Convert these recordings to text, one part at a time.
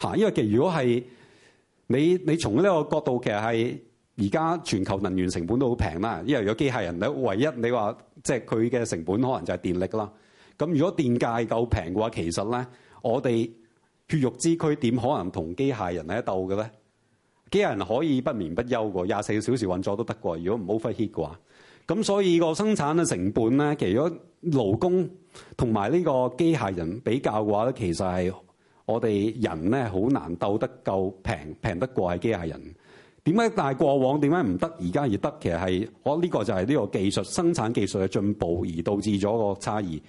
嚇，因為其實如果係你你從呢個角度，其實係而家全球能源成本都好平啦。因為如果機械人咧，唯一你話即係佢嘅成本，可能就係電力啦。咁如果電價夠平嘅話，其實咧我哋血肉之軀點可能同機械人喺度鬥嘅咧？機械人可以不眠不休嘅，廿四小時運作都得嘅。如果唔 overheat 嘅話，咁所以個生產嘅成本咧，其實如果勞工同埋呢個機械人比較嘅話咧，其實係。我哋人咧好難鬥得夠平，平得過係機械人。點解？但係過往點解唔得，而家而得？其實係我呢個就係呢個技術生產技術嘅進步，而導致咗個差異。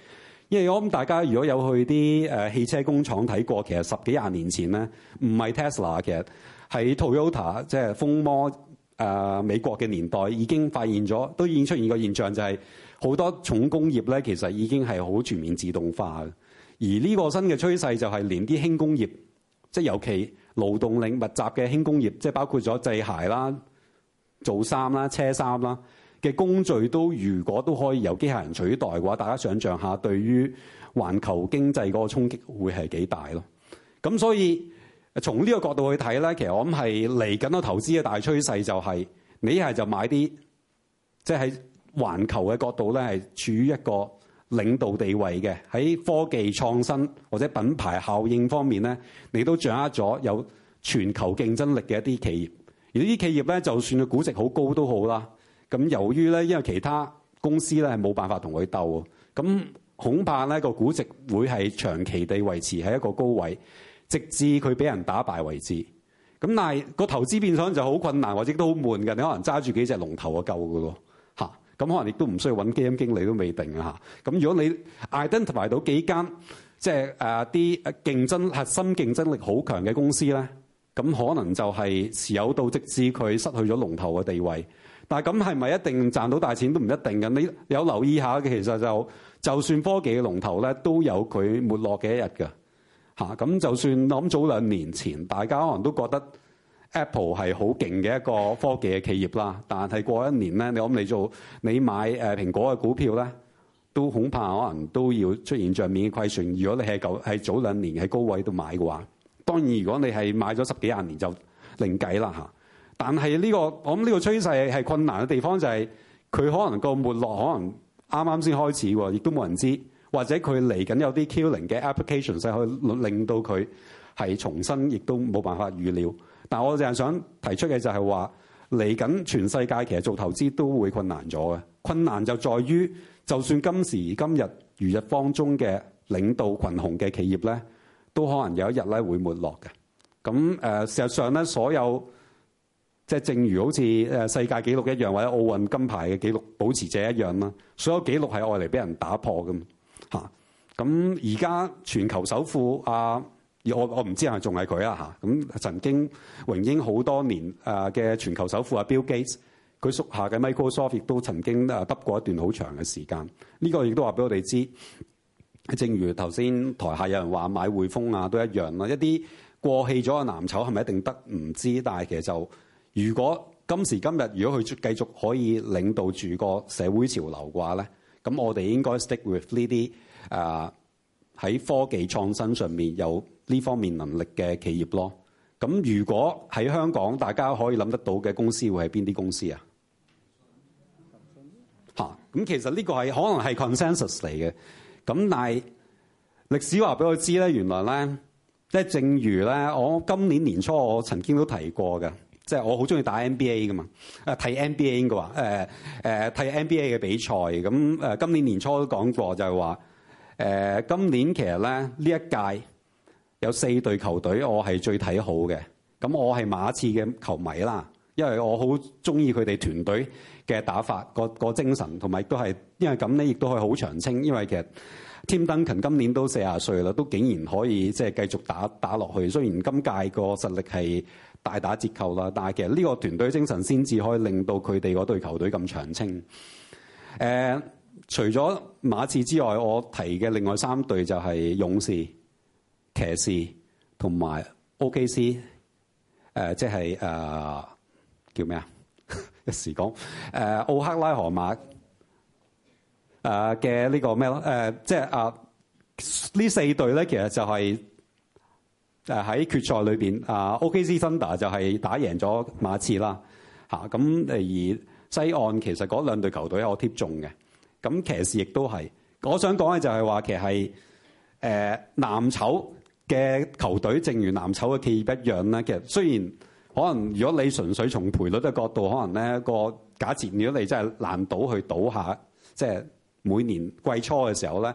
因為我諗大家如果有去啲誒、啊、汽車工廠睇過，其實十幾廿年前咧，唔係 Tesla，其實喺 Toyota，即係瘋魔誒美國嘅年代，已經發現咗，都已經出現個現象，就係好多重工業咧，其實已經係好全面自動化嘅。而呢個新嘅趨勢就係連啲輕工業，即係尤其勞動力密集嘅輕工業，即係包括咗製鞋啦、做衫啦、車衫啦嘅工序，都如果都可以由機械人取代嘅話，大家想像下，對於環球經濟嗰個衝擊會係幾大咯？咁所以從呢個角度去睇咧，其實我諗係嚟緊個投資嘅大趨勢就係、是、你係就買啲，即係喺環球嘅角度咧係處於一個。領導地位嘅，喺科技創新或者品牌效應方面咧，你都掌握咗有全球競爭力嘅一啲企業。而呢啲企業咧，就算佢估值很高好高都好啦。咁由於咧，因為其他公司咧係冇辦法同佢鬥，咁恐怕咧個估值會係長期地維持喺一個高位，直至佢俾人打敗為止。咁但係個投資變相就好困難，或者都好悶嘅。你可能揸住幾隻龍頭啊，夠嘅咯。咁可能亦都唔需要揾基金經理都未定吓咁、啊、如果你 identify 到幾間即係誒啲競爭核心競爭力好強嘅公司咧，咁、啊、可能就係持有到直至佢失去咗龍頭嘅地位。但係咁係咪一定賺到大錢都唔一定嘅？你有留意下，其實就就算科技嘅龍頭咧，都有佢沒落嘅一日㗎嚇。咁、啊啊、就算諗、嗯、早兩年前，大家可能都覺得。Apple 係好勁嘅一個科技嘅企業啦，但係過一年咧，你諗你做你買誒蘋果嘅股票咧，都恐怕可能都要出現帳面嘅虧損。如果你係早兩年喺高位度買嘅話，當然如果你係買咗十幾廿年就另計啦吓但係呢、呢個我諗呢個趨勢係困難嘅地方就係、是、佢可能個沒落可能啱啱先開始喎，亦都冇人知，或者佢嚟緊有啲 killing 嘅 application 可去令到佢係重新，亦都冇辦法預料。但我淨係想提出嘅就係話，嚟緊全世界其實做投資都會困難咗嘅。困難就在於，就算今時今日如日方中嘅領導群雄嘅企業咧，都可能有一日咧會沒落嘅。咁誒、呃，事實上咧，所有即係、就是、正如好似誒世界紀錄一樣，或者奧運金牌嘅紀錄保持者一樣啦。所有紀錄係愛嚟俾人打破嘅嘛嚇。咁而家全球首富阿，啊而我我唔知係仲係佢啦嚇，咁曾經榮膺好多年誒嘅全球首富阿 Bill Gates，佢屬下嘅 Microsoft 亦都曾經誒得過一段好長嘅時間。呢個亦都話俾我哋知，正如頭先台下有人話買匯豐啊都一樣啦。一啲過氣咗嘅藍籌係咪一定得？唔知。但係其實就如果今時今日如果佢繼續可以領導住個社會潮流嘅話咧，咁我哋應該 stick with 呢啲誒喺科技創新上面有呢方面能力嘅企業咯，咁如果喺香港大家可以諗得到嘅公司會係邊啲公司啊？嚇、嗯，咁其實呢個係可能係 consensus 嚟嘅，咁但係歷史話俾我知咧，原來咧即係正如咧，我今年年初我曾經都提過嘅，即、就、係、是、我好中意打 NBA 噶嘛，啊睇 NBA 嘅話，誒、呃、誒睇 NBA 嘅比賽咁誒。今年年初都講過就係話誒，今年其實咧呢一屆。有四隊球隊，我係最睇好嘅。咁我係馬刺嘅球迷啦，因為我好中意佢哋團隊嘅打法，個，那個精神，同埋都係因為咁咧，亦都可以好長青。因為其實 Tim Duncan 今年都四十歲啦，都竟然可以即係繼續打打落去。雖然今屆個實力係大打折扣啦，但係其實呢個團隊精神先至可以令到佢哋嗰隊球隊咁長青。誒、呃，除咗馬刺之外，我提嘅另外三隊就係勇士。騎士同埋 OKC，即係、呃、叫咩啊？ 一時講誒、呃、奧克拉荷馬誒嘅呢個咩咯？誒、呃、即係啊呢四隊咧，其實就係誒喺決賽裏邊啊，OKC Thunder 就係打贏咗馬刺啦吓。咁而西岸其實嗰兩隊球隊我貼中嘅，咁騎士亦都係。我想講嘅就係話其實誒南醜，呃嘅球隊，正如藍籌嘅企業一樣咧，其實雖然可能，如果你純粹從賠率嘅角度，可能咧個假設，如果你真係攔賭去賭下，即係每年季初嘅時候咧，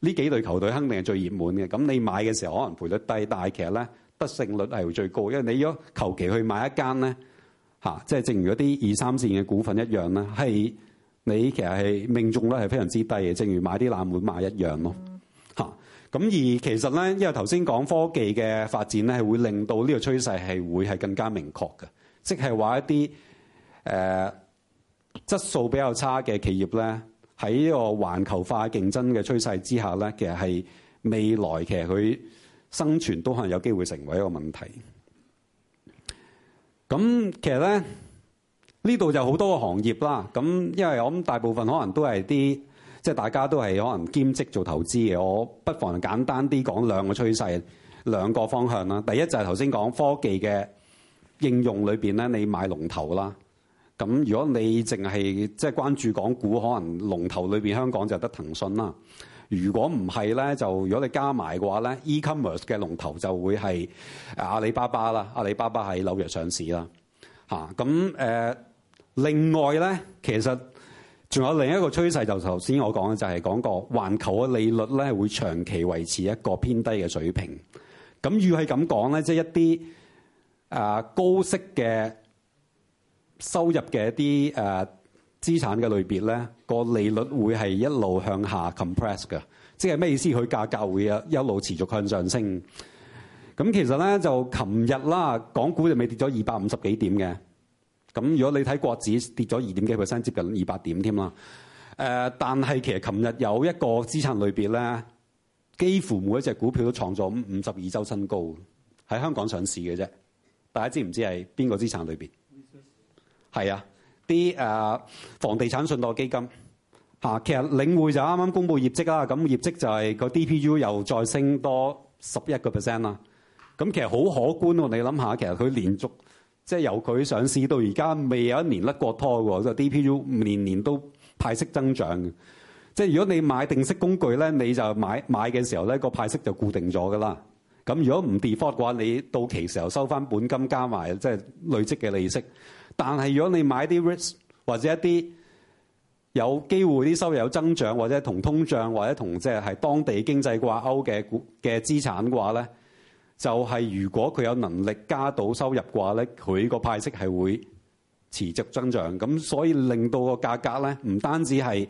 呢幾隊球隊肯定係最熱門嘅。咁你買嘅時候可能賠率低，但係其實咧得勝率係會最高，因為你如果求其去買一間咧嚇，即係正如嗰啲二三線嘅股份一樣啦，係你其實係命中率係非常之低嘅，正如買啲冷門馬一樣咯。嗯咁而其實咧，因為頭先講科技嘅發展咧，係會令到呢個趨勢係會係更加明確嘅，即係話一啲誒質素比較差嘅企業咧，喺呢個環球化競爭嘅趨勢之下咧，其實係未來其實佢生存都可能有機會成為一個問題。咁其實咧，呢度就好多個行業啦。咁因為我諗大部分可能都係啲。即係大家都係可能兼職做投資嘅，我不妨簡單啲講兩個趨勢、兩個方向啦。第一就係頭先講科技嘅應用裏邊咧，你買龍頭啦。咁如果你淨係即係關注港股，可能龍頭裏邊香港就得騰訊啦。如果唔係咧，就如果你加埋嘅話咧，e-commerce 嘅龍頭就會係阿里巴巴啦。阿里巴巴喺紐約上市啦。吓咁、呃、另外咧其實。仲有另一個趨勢，就頭、是、先我講嘅就係講個環球嘅利率咧，會長期維持一個偏低嘅水平。咁如係咁講咧，即、就、係、是、一啲啊高息嘅收入嘅一啲誒、啊、資產嘅類別咧，個利率會係一路向下 compress 嘅，即係咩意思？佢價格會啊一路持續向上升。咁其實咧就琴日啦，港股就未跌咗二百五十幾點嘅。咁如果你睇國指跌咗二點幾 percent，接近二百點添啦。誒，但係其實琴日有一個資產類別咧，幾乎每一隻股票都創咗五十二周新高，喺香港上市嘅啫。大家知唔知係邊個資產類別？係啊，啲誒房地產信託基金嚇。其實領匯就啱啱公布業績啦，咁業績就係個 DPU 又再升多十一個 percent 啦。咁其實好可觀喎，你諗下，其實佢連續。即係由佢上市到而家未有一年甩過拖喎，即 DPU 年年都派息增長嘅。即係如果你買定息工具咧，你就買買嘅時候咧，個派息就固定咗㗎啦。咁如果唔 default 嘅話，你到期時候收翻本金加埋即係累積嘅利息。但係如果你買啲 risk 或者一啲有機會啲收入有增長，或者同通脹或者同即係當地經濟掛鈎嘅嘅資產嘅話咧。就係如果佢有能力加到收入嘅話咧，佢個派息係會持續增長，咁所以令到個價格咧，唔單止係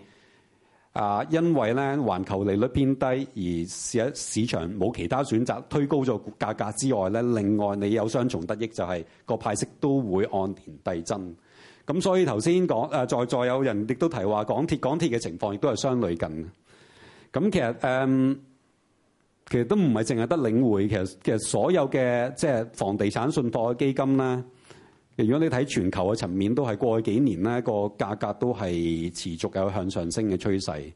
啊，因為咧環球利率偏低而市市場冇其他選擇推高咗價格之外咧，另外你有雙重得益就係個派息都會按年遞增，咁所以頭先講誒在座有人亦都提話港鐵，港鐵嘅情況亦都係相類近，咁其實誒。嗯其實都唔係淨係得領匯，其實其實所有嘅即係房地產信託嘅基金咧，如果你睇全球嘅層面，都係過去幾年咧個價格都係持續有向上升嘅趨勢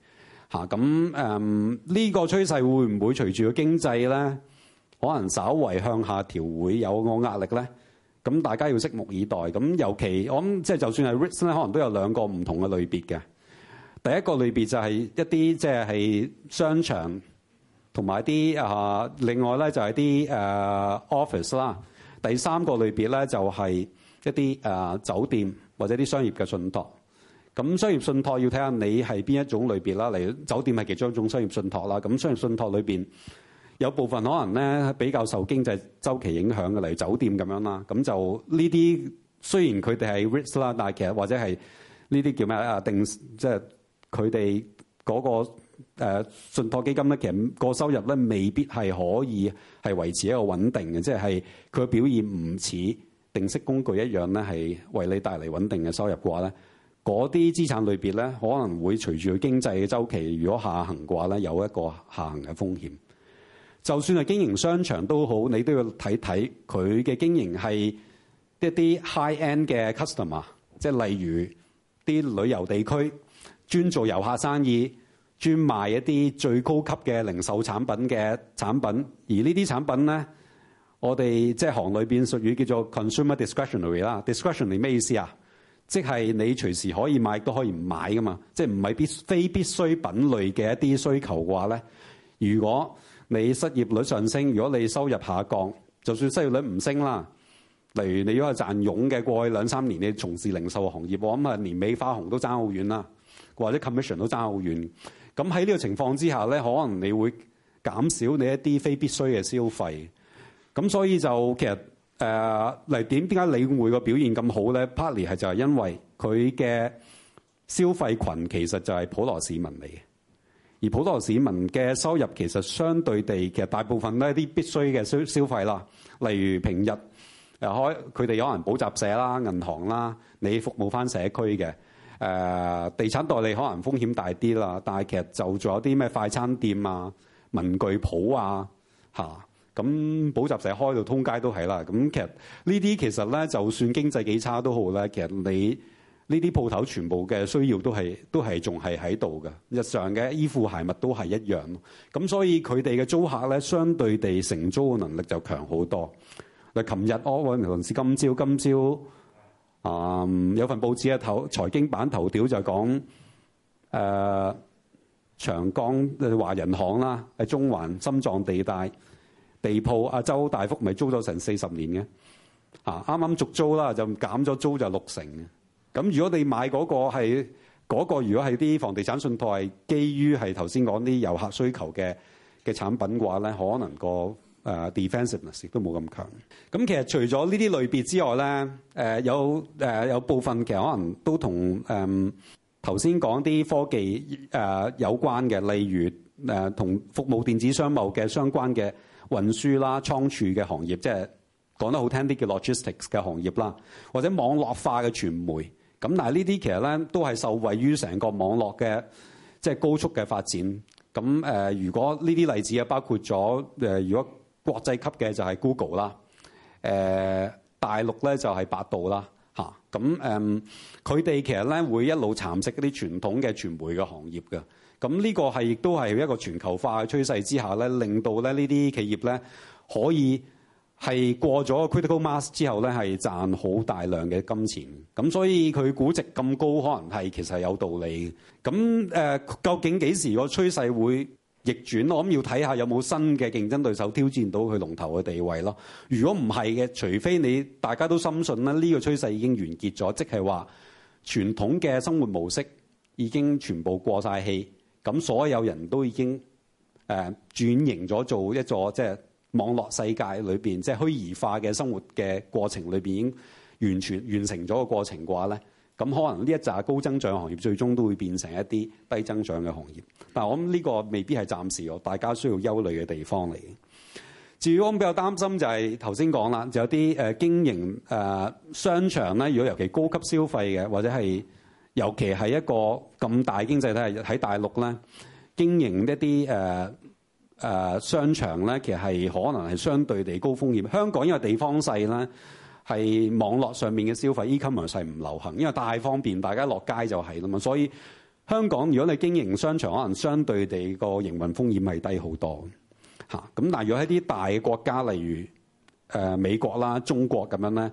嚇。咁誒呢個趨勢會唔會隨住個經濟咧，可能稍為向下調會有個壓力咧？咁大家要拭目以待。咁尤其我諗即係就算係 REITs 咧，可能都有兩個唔同嘅類別嘅。第一個類別就係一啲即係係商場。同埋啲啊，另外咧就係啲誒 office 啦。第三個類別咧就係一啲誒酒店或者啲商業嘅信託。咁商業信託要睇下你係邊一種類別啦。例如酒店係其中一種商業信託啦。咁商業信託裏邊有部分可能咧比較受經濟週期影響嘅，例如酒店咁樣啦。咁就呢啲雖然佢哋係 risk 啦，但係其實或者係呢啲叫咩咧啊？定即係佢哋嗰個。誒信託基金咧，其實個收入咧未必係可以係維持一個穩定嘅，即係佢表現唔似定息工具一樣咧，係為你帶嚟穩定嘅收入嘅話咧，嗰啲資產類別咧可能會隨住佢經濟嘅周期，如果下行嘅話咧，有一個下行嘅風險。就算係經營商場都好，你都要睇睇佢嘅經營係一啲 high end 嘅 customer，即係例如啲旅遊地區專做遊客生意。專賣一啲最高級嘅零售產品嘅產品，而呢啲產品咧，我哋即係行裏面屬於叫做 consumer discretionary 啦。discretionary 咩意思啊？即係你隨時可以買都可以唔買噶嘛，即係唔係必非必需品類嘅一啲需求嘅話咧。如果你失業率上升，如果你收入下降，就算失業率唔升啦，例如你如果係賺傭嘅過去兩三年，你從事零售行業，我諗啊年尾花紅都爭好遠啦，或者 commission 都爭好遠。咁喺呢個情況之下咧，可能你會減少你一啲非必需嘅消費。咁所以就其實誒嚟點？點、呃、解理會個表現咁好咧？Partly 係就係因為佢嘅消費群其實就係普羅市民嚟嘅，而普羅市民嘅收入其實相對地，其實大部分咧啲必須嘅消消費啦，例如平日佢哋有可能補習社啦、銀行啦，你服務翻社區嘅。誒地產代理可能風險大啲啦，但係其實就仲有啲咩快餐店啊、文具店啊吓，咁補習社開到通街都係啦。咁其，其實呢啲其實咧，就算經濟幾差都好咧，其實你呢啲鋪頭全部嘅需要都係都係仲係喺度嘅，日常嘅衣服、鞋襪都係一樣。咁所以佢哋嘅租客咧，相對地承租嘅能力就強好多。嗱，琴日我問同事，今朝今朝。啊，um, 有份報紙一頭財經版頭條就講，誒、呃、長江華人行啦，喺中環心臟地帶地鋪，阿周大福咪租咗成四十年嘅，啱啱續租啦，就減咗租就六成嘅。咁如果你買嗰個係嗰、嗰個，如果係啲房地產信託係基於係頭先講啲遊客需求嘅嘅產品嘅話咧，可能個。誒、uh, defensiveness 亦都冇咁強。咁其實除咗呢啲類別之外咧，誒、呃、有誒、呃、有部分其實可能都同誒頭先講啲科技誒、呃、有關嘅，例如誒同、呃、服務電子商務嘅相關嘅運輸啦、倉儲嘅行業，即係講得好聽啲叫 logistics 嘅行業啦，或者網絡化嘅傳媒。咁但係呢啲其實咧都係受惠於成個網絡嘅即係高速嘅發展。咁誒、呃，如果呢啲例子啊，包括咗誒、呃，如果國際級嘅就係 Google 啦、呃，誒大陸咧就係百度啦嚇，咁誒佢哋其實咧會一路蠶食嗰啲傳統嘅傳媒嘅行業嘅，咁呢個係亦都係一個全球化嘅趨勢之下咧，令到咧呢啲企業咧可以係過咗 critical mass 之後咧係賺好大量嘅金錢，咁所以佢估值咁高，可能係其實係有道理嘅。咁誒、呃、究竟幾時個趨勢會逆轉，我諗要睇下有冇新嘅競爭對手挑戰到佢龍頭嘅地位咯。如果唔係嘅，除非你大家都深信咧，呢個趨勢已經完結咗，即係話傳統嘅生活模式已經全部過晒氣，咁所有人都已經誒、呃、轉型咗做一座即係、就是、網絡世界裏邊即係虛擬化嘅生活嘅過程裏邊已經完全完成咗個過程嘅話咧，咁可能呢一扎高增長行業最終都會變成一啲低增長嘅行業。嗱，但我諗呢個未必係暫時大家需要憂慮嘅地方嚟嘅。至於我比較擔心就係頭先講啦，就有啲誒經營誒商場咧，如果尤其高級消費嘅，或者係尤其係一個咁大經濟體喺大陸咧經營一啲誒商場咧，其實係可能係相對地高風險。香港因為地方細啦，係網絡上面嘅消費 e-commerce 係唔流行，因為大方便，大家落街就係咁嘛，所以。香港，如果你經營商場，可能相對地個營運風險係低好多嚇。咁但係如果喺啲大嘅國家，例如誒、呃、美國啦、中國咁樣咧，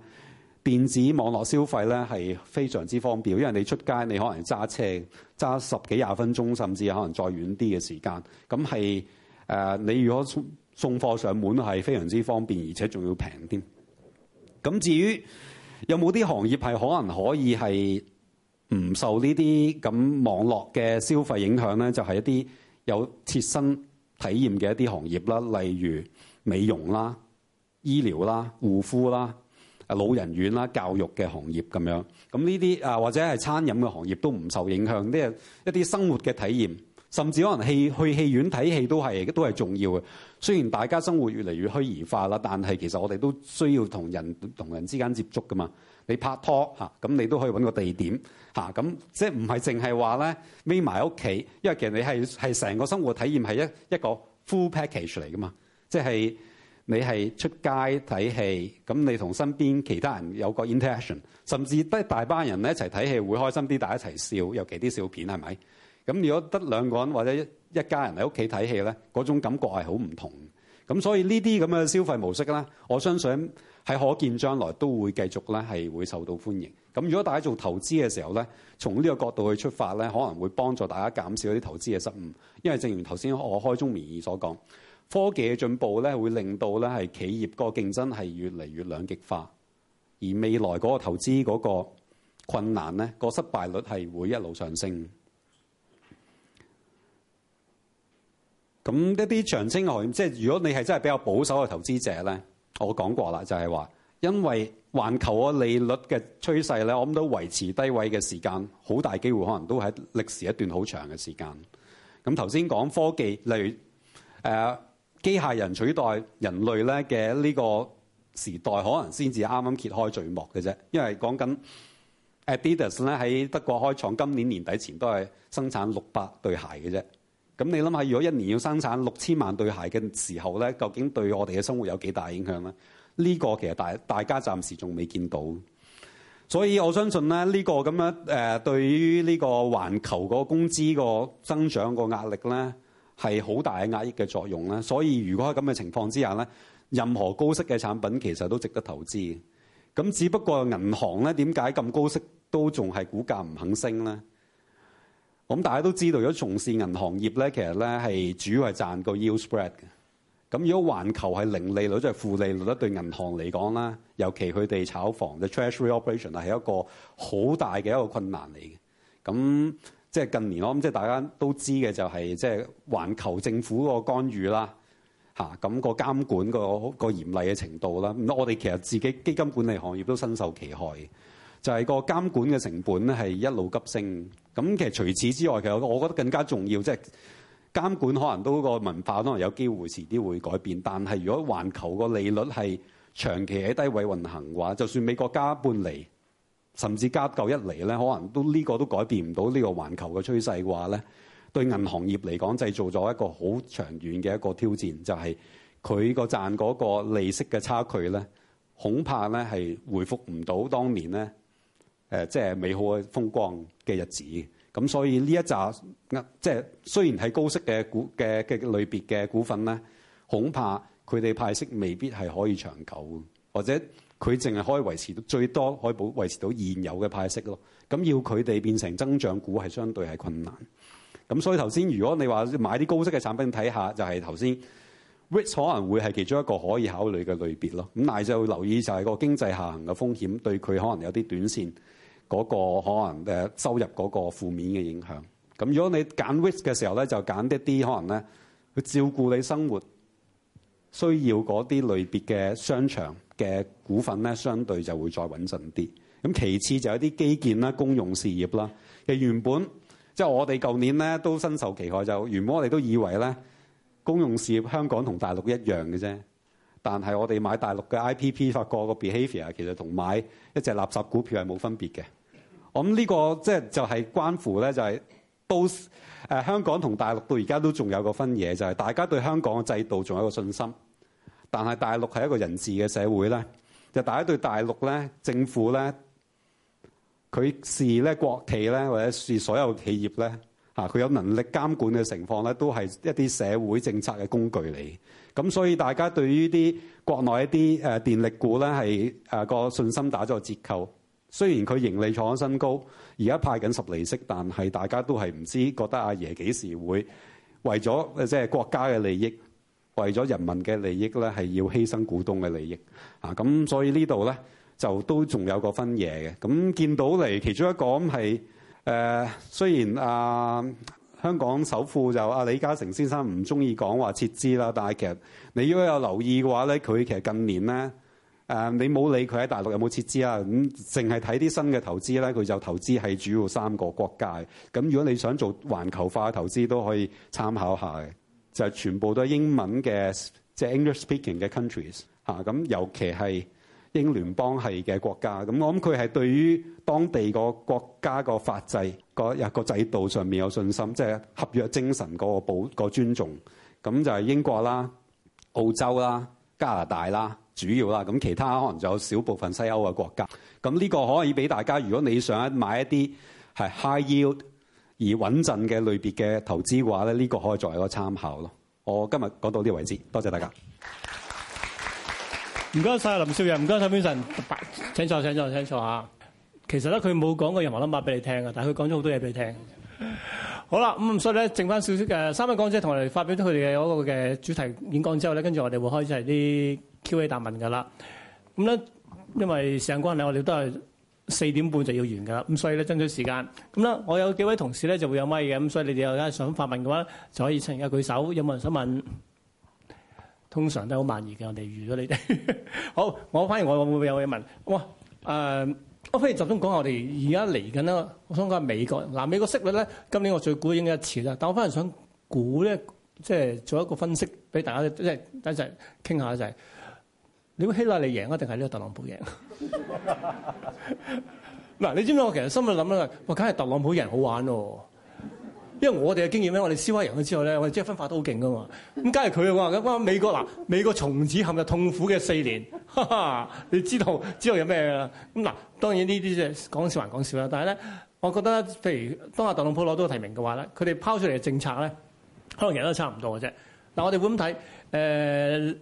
電子網絡消費咧係非常之方便，因為你出街你可能揸車揸十幾廿分鐘，甚至可能再遠啲嘅時間，咁係誒你如果送送貨上門係非常之方便，而且仲要平添。咁至於有冇啲行業係可能可以係？唔受呢啲咁網絡嘅消費影響咧，就係一啲有切身體驗嘅一啲行業啦，例如美容啦、醫療啦、護膚啦、老人院啦、教育嘅行業咁樣。咁呢啲啊，或者係餐飲嘅行業都唔受影響，呢係一啲生活嘅體驗。甚至可能戲去戲院睇戲都係都係重要嘅。雖然大家生活越嚟越虛擬化啦，但係其實我哋都需要同人同人之間接觸㗎嘛。你拍拖吓，咁、啊、你都可以搵個地點吓，咁、啊、即係唔係淨係話咧，匿埋屋企，因為其實你係係成個生活體驗係一一個 full package 嚟㗎嘛。即係你係出街睇戲，咁你同身邊其他人有個 interaction，甚至都大班人咧一齊睇戲會開心啲，大家一齊笑，尤其啲笑片係咪？是不是？咁如果得兩個人或者一一家人喺屋企睇戲咧，嗰種感覺係好唔同。咁所以呢啲咁嘅消費模式咧，我相信係可見將來都會繼續咧係會受到歡迎。咁如果大家做投資嘅時候咧，從呢個角度去出發咧，可能會幫助大家減少啲投資嘅失誤。因為正如頭先我開宗明義所講，科技嘅進步咧會令到咧係企業個競爭係越嚟越兩極化，而未來嗰個投資嗰個困難咧個失敗率係會一路上升。咁一啲長青嘅行業，即係如果你係真係比較保守嘅投資者咧，我講過啦，就係話，因為環球嘅利率嘅趨勢咧，我諗都維持低位嘅時間，好大機會可能都喺歷時一段好長嘅時間。咁頭先講科技，例如誒機械人取代人類咧嘅呢個時代，可能先至啱啱揭開序幕嘅啫。因為講緊 Adidas 咧喺德國開廠，今年年底前都係生產六百對鞋嘅啫。咁你諗下，如果一年要生產六千萬對鞋嘅時候咧，究竟對我哋嘅生活有幾大影響咧？呢個其實大大家暫時仲未見到，所以我相信咧，呢個咁樣誒，對於呢個環球個工資個增長個壓力咧，係好大嘅壓抑嘅作用咧。所以如果喺咁嘅情況之下咧，任何高息嘅產品其實都值得投資。咁只不過銀行咧，點解咁高息都仲係股價唔肯升咧？咁大家都知道，如果從事銀行業咧，其實咧係主要係賺個 yield spread 嘅。咁如果環球係零利率，即係負利率，對銀行嚟講啦，尤其佢哋炒房嘅 treasury operation 係一個好大嘅一個困難嚟嘅。咁即係近年咯，咁即係大家都知嘅就係即係環球政府個干預啦，嚇咁個監管個個嚴厲嘅程度啦。咁我哋其實自己基金管理行業都身受其害。就係個監管嘅成本咧，係一路急升。咁其實除此之外，其實我覺得更加重要，即係監管可能都個文化都可能有機會遲啲會改變。但係如果環球個利率係長期喺低位運行嘅話，就算美國加半釐，甚至加夠一釐咧，可能都呢個都改變唔到呢個環球嘅趨勢嘅話咧，對銀行業嚟講，製造咗一個好長遠嘅一個挑戰，就係佢個賺嗰個利息嘅差距咧，恐怕咧係回復唔到當年咧。誒，即係美好嘅風光嘅日子，咁所以呢一紮即係雖然係高息嘅股嘅嘅類別嘅股份咧，恐怕佢哋派息未必係可以長久，或者佢淨係可以維持到最多可以保維持到現有嘅派息咯。咁要佢哋變成增長股係相對係困難。咁所以頭先如果你話買啲高息嘅產品睇下，就係頭先 risk 可能會係其中一個可以考慮嘅類別咯。咁但係就要留意就係個經濟下行嘅風險對佢可能有啲短線，嗰個可能誒收入嗰個負面嘅影響，咁如果你揀 risk 嘅時候咧，就揀一啲可能咧去照顧你生活需要嗰啲類別嘅商場嘅股份咧，相對就會再穩陣啲。咁其次就有啲基建啦、公用事業啦。其實原本即係、就是、我哋舊年咧都身受其害就，就原本我哋都以為咧公用事業香港同大陸一樣嘅啫，但係我哋買大陸嘅 I P P 發覺個 behaviour 其實同買一隻垃圾股票係冇分別嘅。咁呢個即係就係關乎咧，就係、是、到誒、啊、香港同大陸到而家都仲有一個分野，就係、是、大家對香港嘅制度仲有一個信心，但係大陸係一個人治嘅社會咧，就大家對大陸咧政府咧，佢係咧國企咧，或者係所有企業咧嚇，佢、啊、有能力監管嘅情況咧，都係一啲社會政策嘅工具嚟。咁所以大家對於啲國內一啲誒電力股咧係誒個信心打咗個折扣。雖然佢盈利創新高，而家派緊十厘息，但係大家都係唔知，覺得阿爺幾時會為咗誒即係國家嘅利益，為咗人民嘅利益咧，係要犧牲股東嘅利益啊！咁所以這裡呢度咧就都仲有一個分野嘅。咁見到嚟其中一個咁係誒，雖然啊香港首富就阿李嘉誠先生唔中意講話撤資啦，但係其實你如果有留意嘅話咧，佢其實近年咧。誒，你冇理佢喺大陸有冇設資啦，咁淨係睇啲新嘅投資咧，佢就投資係主要三個國家。咁如果你想做環球化嘅投資都可以參考下嘅，就係全部都係英文嘅，即係 English speaking 嘅 countries，咁尤其係英聯邦係嘅國家，咁我諗佢係對於當地個國家個法制個一個制度上面有信心，即係合約精神嗰個保個尊重。咁就係英國啦、澳洲啦、加拿大啦。主要啦，咁其他可能就有少部分西歐嘅國家。咁呢個可以俾大家，如果你想買一啲係 high yield 而穩陣嘅類別嘅投資嘅話咧，呢個可以作為一個參考咯。我今日講到呢個位置，多謝大家。唔該晒，林少陽，唔該晒 Vincent，請坐，請坐，請坐嚇。其實咧，佢冇講過任何諗法俾你聽嘅，但係佢講咗好多嘢俾你聽。好啦，咁所以咧，剩翻少少嘅三位講者同我哋發表咗佢哋嘅嗰個嘅主題演講之後咧，跟住我哋會開始啲。挑起答問㗎啦。咁咧，因為時間關係，我哋都係四點半就要完㗎啦。咁所以咧，爭取時間咁咧，我有幾位同事咧就會有咪嘅。咁所以你哋而家想發問嘅話，就可以趁而家舉手。有冇人想問？通常都好慢熱嘅。我哋預咗你哋 好。我反而我會唔會有嘢問。哇！誒，我反而集中講下我哋而家嚟緊啦。我想講下美國嗱、啊，美國息率咧，今年我最股影嘅一次啦。但我反而想估咧，即係做一個分析俾大家，即係等陣傾下就係。你估希拉里贏啊，定係呢個特朗普贏？嗱 你知唔知我其實心裏諗咧？我梗係特朗普贏好玩咯、哦，因為我哋嘅經驗咧，我哋示威贏咗之後咧，我哋即係分化得好勁噶嘛。咁梗係佢嘅話咁啊！美國嗱，美國從此陷入痛苦嘅四年哈哈，你知道知道有咩啦？咁嗱，當然呢啲即係講笑還講笑啦。但係咧，我覺得譬如當下特朗普攞到提名嘅話咧，佢哋拋出嚟嘅政策咧，可能其實都差唔多嘅啫。嗱，我哋會咁睇誒。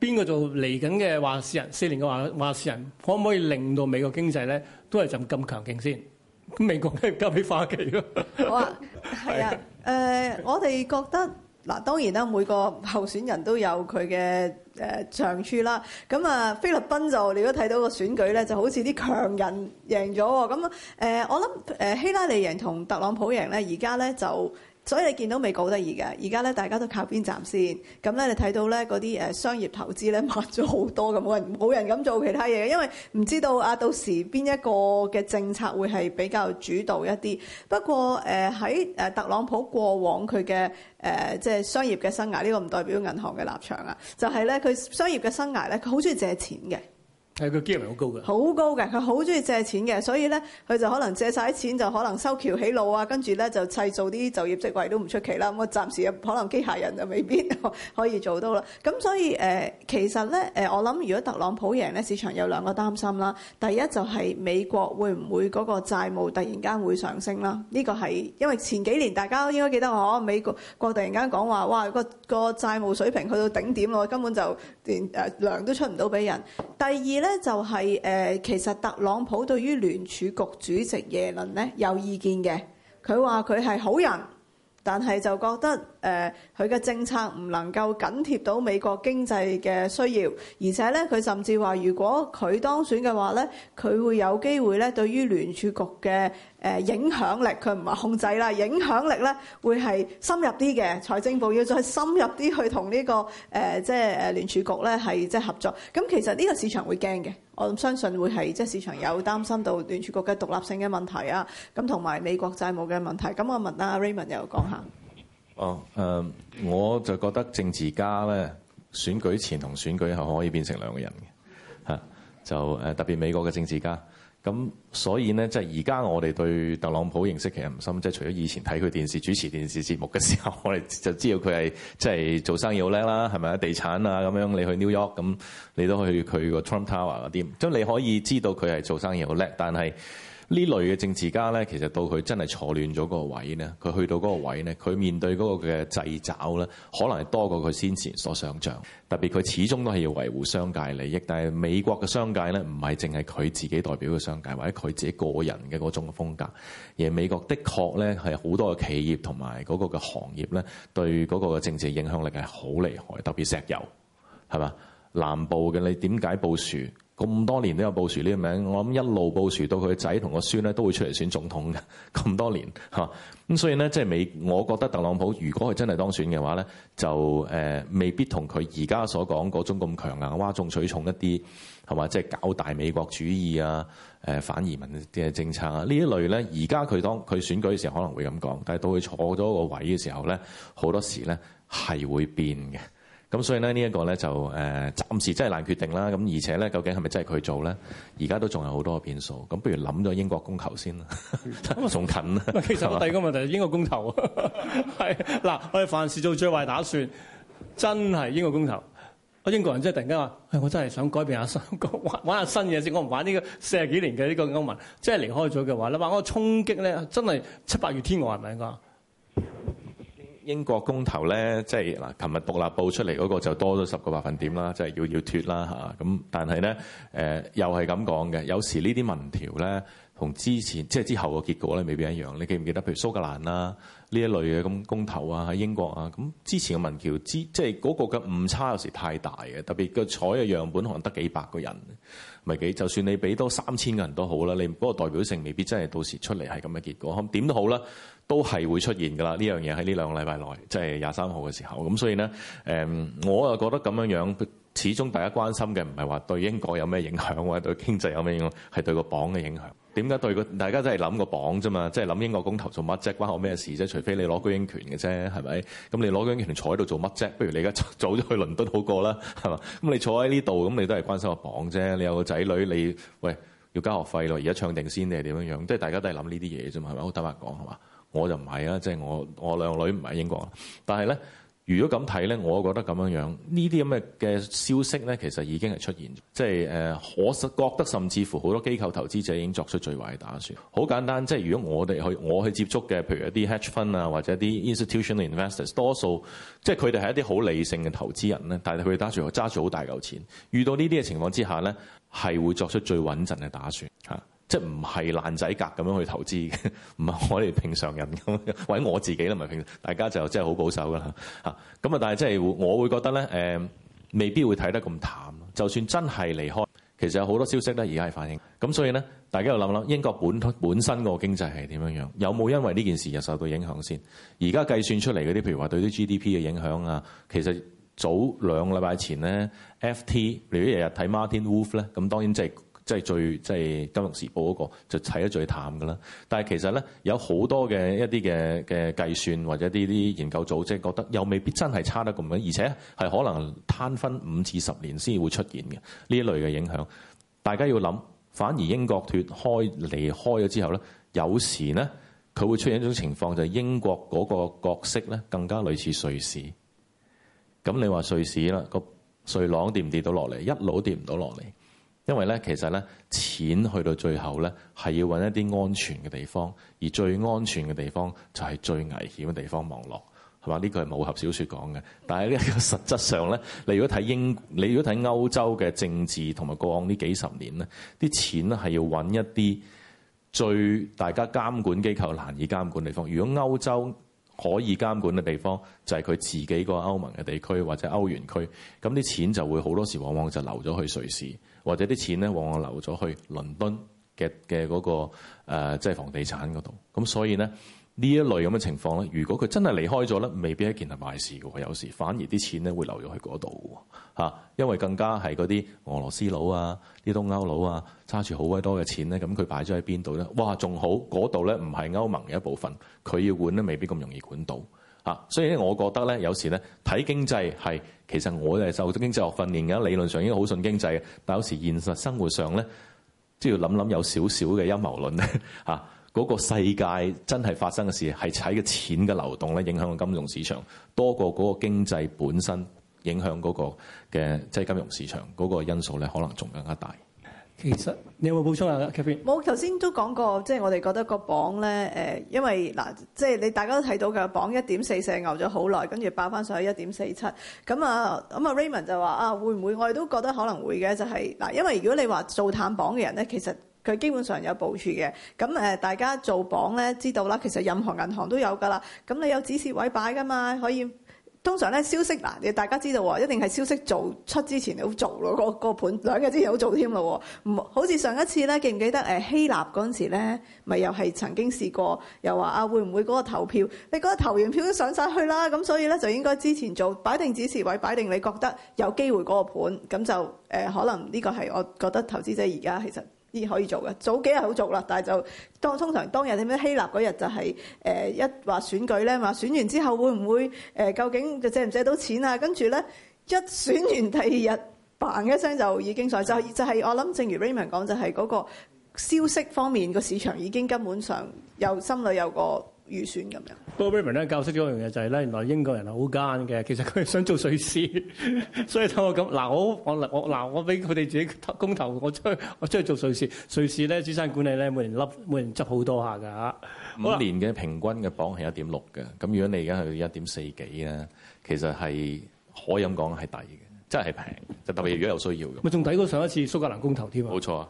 邊個做嚟緊嘅話事人？四年嘅話話事人可唔可以令到美國經濟咧都係就咁強勁先？咁美國梗係交俾花旗啦。好啊，係啊，誒、 呃，我哋覺得嗱，當然啦，每個候選人都有佢嘅誒長處啦。咁啊，菲律賓就你都睇到個選舉咧，就好似啲強人贏咗喎、哦。咁誒、呃，我諗誒、呃、希拉里贏同特朗普贏咧，而家咧就。所以你見到未覺得意嘅，而家咧，大家都靠邊站先。咁咧你睇到咧嗰啲誒商業投資咧慢咗好多嘅，冇人冇人敢做其他嘢嘅，因為唔知道啊到時邊一個嘅政策會係比較主導一啲。不過誒喺誒特朗普過往佢嘅誒即係商業嘅生涯，呢個唔代表銀行嘅立場啊。就係咧佢商業嘅生涯咧，佢好中意借錢嘅。係佢機率好高嘅，好高嘅，佢好中意借錢嘅，所以咧佢就可能借晒啲錢，就可能修橋起路啊，跟住咧就製造啲就業職位都唔出奇啦。咁我暫時可能機械人就未必可以做到啦。咁所以、呃、其實咧、呃、我諗如果特朗普贏咧，市場有兩個擔心啦。第一就係美國會唔會嗰個債務突然間會上升啦？呢、這個係因為前幾年大家都應該記得，我、哦、美國過突然間講話，哇個、個債務水平去到頂點咯，根本就連、呃、糧都出唔到俾人。第二咧。呢就係誒，其實特朗普對於聯儲局主席耶倫呢有意見嘅，佢話佢係好人，但係就覺得。誒佢嘅政策唔能夠緊貼到美國經濟嘅需要，而且咧佢甚至話，如果佢當選嘅話咧，佢會有機會咧對於聯儲局嘅誒影響力，佢唔係控制啦，影響力咧會係深入啲嘅。財政部要再深入啲去同呢個誒即係誒聯儲局咧係即係合作。咁其實呢個市場會驚嘅，我相信會係即係市場有擔心到聯儲局嘅獨立性嘅問題啊，咁同埋美國債務嘅問題。咁我問阿 Raymond 又講下。哦，oh, uh, 我就覺得政治家咧，選舉前同選舉後可以變成兩個人嘅、啊，就、啊、特別美國嘅政治家，咁所以咧，即係而家我哋對特朗普認識其實唔深，即係除咗以前睇佢電視主持電視節目嘅時候，我哋就知道佢係即係做生意好叻啦，係咪啊？地產啊，咁樣你去 New York 咁，那你都去佢個 Trump Tower 嗰啲，即係你可以知道佢係做生意好叻，但係。呢類嘅政治家呢，其實到佢真係錯亂咗嗰個位呢，佢去到嗰個位呢，佢面對嗰個嘅掣肘呢，可能係多過佢先前所想像。特別佢始終都係要維護商界利益，但係美國嘅商界呢，唔係淨係佢自己代表嘅商界，或者佢自己個人嘅嗰種風格。而美國的確呢，係好多嘅企業同埋嗰個嘅行業呢，對嗰個嘅政治影響力係好厲害。特別石油，係嘛？南部嘅，你點解部署？咁多年都有布殊呢個名，我諗一路布殊到佢仔同個孫咧都會出嚟選總統嘅。咁多年咁、啊、所以咧即係美，我覺得特朗普如果佢真係當選嘅話咧，就誒、呃、未必同佢而家所講嗰種咁強硬、嘩眾取寵一啲係嘛，即係、就是、搞大美國主義啊、呃、反移民嘅政策啊呢一類咧，而家佢當佢選舉嘅時候可能會咁講，但係到佢坐咗個位嘅時候咧，好多時咧係會變嘅。咁所以呢，這個、呢一個咧就誒暫、呃、時真係難決定啦。咁而且咧究竟係咪真係佢做咧？而家都仲有好多變數。咁不如諗咗英國公投先啦。咁啊仲近啊呢。其實我第二個問題係英國公投。嗱， 我哋凡事做最壞打算，真係英國公投。個英國人真係突然間話：哎，我真係想改變一下新，玩玩一下新嘢先。我唔玩呢個四十幾年嘅呢個歐盟。真係離開咗嘅話，你話我衝擊咧，真係七八月天外係咪應該？是英國公投咧，即係嗱，琴日獨立報出嚟嗰個就多咗十個百分點啦，即係要要脫啦吓，咁但係咧，呃，又係咁講嘅，有時呢啲民調咧。同之前即係、就是、之後嘅結果咧，未必一樣。你記唔記得？譬如蘇格蘭啦、啊、呢一類嘅咁公投啊，喺英國啊咁之前嘅民調，之即係嗰個嘅誤差有時太大嘅，特別個採嘅樣本可能得幾百個人，唔係幾就算你俾多三千個人都好啦。你嗰個代表性未必真係到時出嚟係咁嘅結果。咁點都好啦，都係會出現㗎啦。呢樣嘢喺呢兩個禮拜內，即係廿三號嘅時候咁，所以呢，誒、嗯，我就覺得咁樣樣，始終大家關心嘅唔係話對英國有咩影響，或者對經濟有咩影響，係對個榜嘅影響。點解對個大家都係諗個榜啫嘛？即係諗英國公投做乜啫？關我咩事啫？除非你攞居英權嘅啫，係咪？咁你攞居英權坐喺度做乜啫？不如你而家早咗去倫敦好過啦，係嘛？咁你坐喺呢度，咁你都係關心個榜啫。你有個仔女，你喂要交學費咯。而家唱定先定係點樣樣？即係大家都係諗呢啲嘢啫嘛，係咪？好坦白講，係嘛？我就唔係啊，即係我我兩個女唔喺英國，但係咧。如果咁睇咧，我覺得咁樣樣，呢啲咁嘅嘅消息咧，其實已經係出現，即係誒，我覺得甚至乎好多機構投資者已經作出最壞嘅打算。好簡單，即係如果我哋去我去接觸嘅，譬如一啲 hedge fund 啊，或者一啲 institutional investors，多數即係佢哋係一啲好理性嘅投資人咧，但係佢哋打算揸住好大嚿錢，遇到呢啲嘅情況之下咧，係會作出最穩陣嘅打算嚇。即唔係爛仔格咁樣去投資嘅，唔係我哋平常人咁，或者我自己都唔係平常。大家就真係好保守㗎啦嚇。咁啊，但係即係我會覺得咧、呃，未必會睇得咁淡。就算真係離開，其實有好多消息咧，而家係反映。咁所以咧，大家又諗諗英國本本身個經濟係點樣樣，有冇因為呢件事又受到影響先？而家計算出嚟嗰啲，譬如話對啲 GDP 嘅影響啊，其實早兩個禮拜前咧，FT 例如果日日睇 Martin Wolf 咧，咁當然即係。即係最即係《金融時報》嗰個就睇得最淡㗎啦。但係其實咧，有好多嘅一啲嘅嘅計算或者啲啲研究組織覺得又未必真係差得咁樣，而且係可能攤分五至十年先至會出現嘅呢一類嘅影響。大家要諗，反而英國脫開離開咗之後咧，有時咧佢會出現一種情況，就係英國嗰個角色咧更加類似瑞士。咁你話瑞士啦，個瑞郎跌唔跌到落嚟？一路跌唔到落嚟。因為咧，其實咧，錢去到最後咧，係要揾一啲安全嘅地方，而最安全嘅地方就係最危險嘅地方。網絡係嘛？呢個係武俠小說講嘅，但係呢個實質上咧，你如果睇英，你如果睇歐洲嘅政治同埋過往呢幾十年咧，啲錢咧係要揾一啲最大家監管機構難以監管地方。如果歐洲可以監管嘅地方就係佢自己個歐盟嘅地區或者歐元區，咁啲錢就會好多時往往就流咗去瑞士。或者啲錢咧往往流咗去倫敦嘅嘅嗰個即係房地產嗰度咁，所以咧呢一類咁嘅情況咧，如果佢真係離開咗咧，未必一件係壞事嘅。有時反而啲錢咧會流咗去嗰度嚇，因為更加係嗰啲俄羅斯佬啊、啲東歐佬啊揸住好鬼多嘅錢咧，咁佢擺咗喺邊度咧？哇，仲好嗰度咧，唔係歐盟嘅一部分，佢要管咧，未必咁容易管到。啊，所以咧，我覺得咧，有時咧睇經濟係，其實我哋受到經濟學訓練嘅，理論上已經好信經濟嘅，但有時現實生活上咧，即係要諗諗有少少嘅陰謀論咧，嗰、啊嗰個世界真係發生嘅事係踩嘅錢嘅流動咧影響個金融市場，多過嗰個經濟本身影響嗰個嘅即、即係、金融市場嗰個因素咧，可能仲更加大。其實你有冇補充啊？側邊冇頭先都講過，即係我哋覺得個榜咧誒，因為嗱，即係你大家都睇到嘅榜一點四四牛咗好耐，跟住爆翻上去一點四七咁啊。咁啊，Raymond 就話啊，會唔會我哋都覺得可能會嘅，就係嗱，因為如果你話做探榜嘅人咧，其實佢基本上有部署嘅咁誒，大家做榜咧知道啦。其實任何銀行都有噶啦，咁你有指示位擺噶嘛，可以。通常咧消息嗱，你大家知道喎，一定係消息做出之前你好做咯，個個盤兩日之前好做添咯。唔好似上一次咧，記唔記得誒希臘嗰陣時咧，咪又係曾經試過又話啊，會唔會嗰個投票，你嗰個投完票都上晒去啦，咁所以咧就應該之前做，擺定止蝕位，擺定你覺得有機會嗰個盤，咁就誒、呃、可能呢個係我覺得投資者而家其實。可以做嘅，早幾日好做啦，但係就當通常當日點樣希臘嗰日就係、是、誒、呃、一話選舉咧嘛，選完之後會唔會誒、呃、究竟借唔借到錢啊？跟住咧一選完第二日嘭一聲就已經上就是、就係、是、我諗，正如 Raymond 講就係、是、嗰個消息方面個市場已經根本上有心裏有個。預算咁樣 Bob Raven 教識咗一樣嘢就係、是、咧，原來英國人係好奸嘅，其實佢係想做瑞士，所以睇我咁嗱，我我嗱，我俾佢哋自己公投，我出去我出去做瑞士，瑞士咧資產管理咧每人粒每人執好多下㗎嚇。五年嘅平均嘅磅係一點六嘅，咁如果你而家係一點四幾咧，其實係可以咁講係抵嘅，真係平，就特別如果有需要嘅。咪仲抵過上一次蘇格蘭公投添啊！冇錯。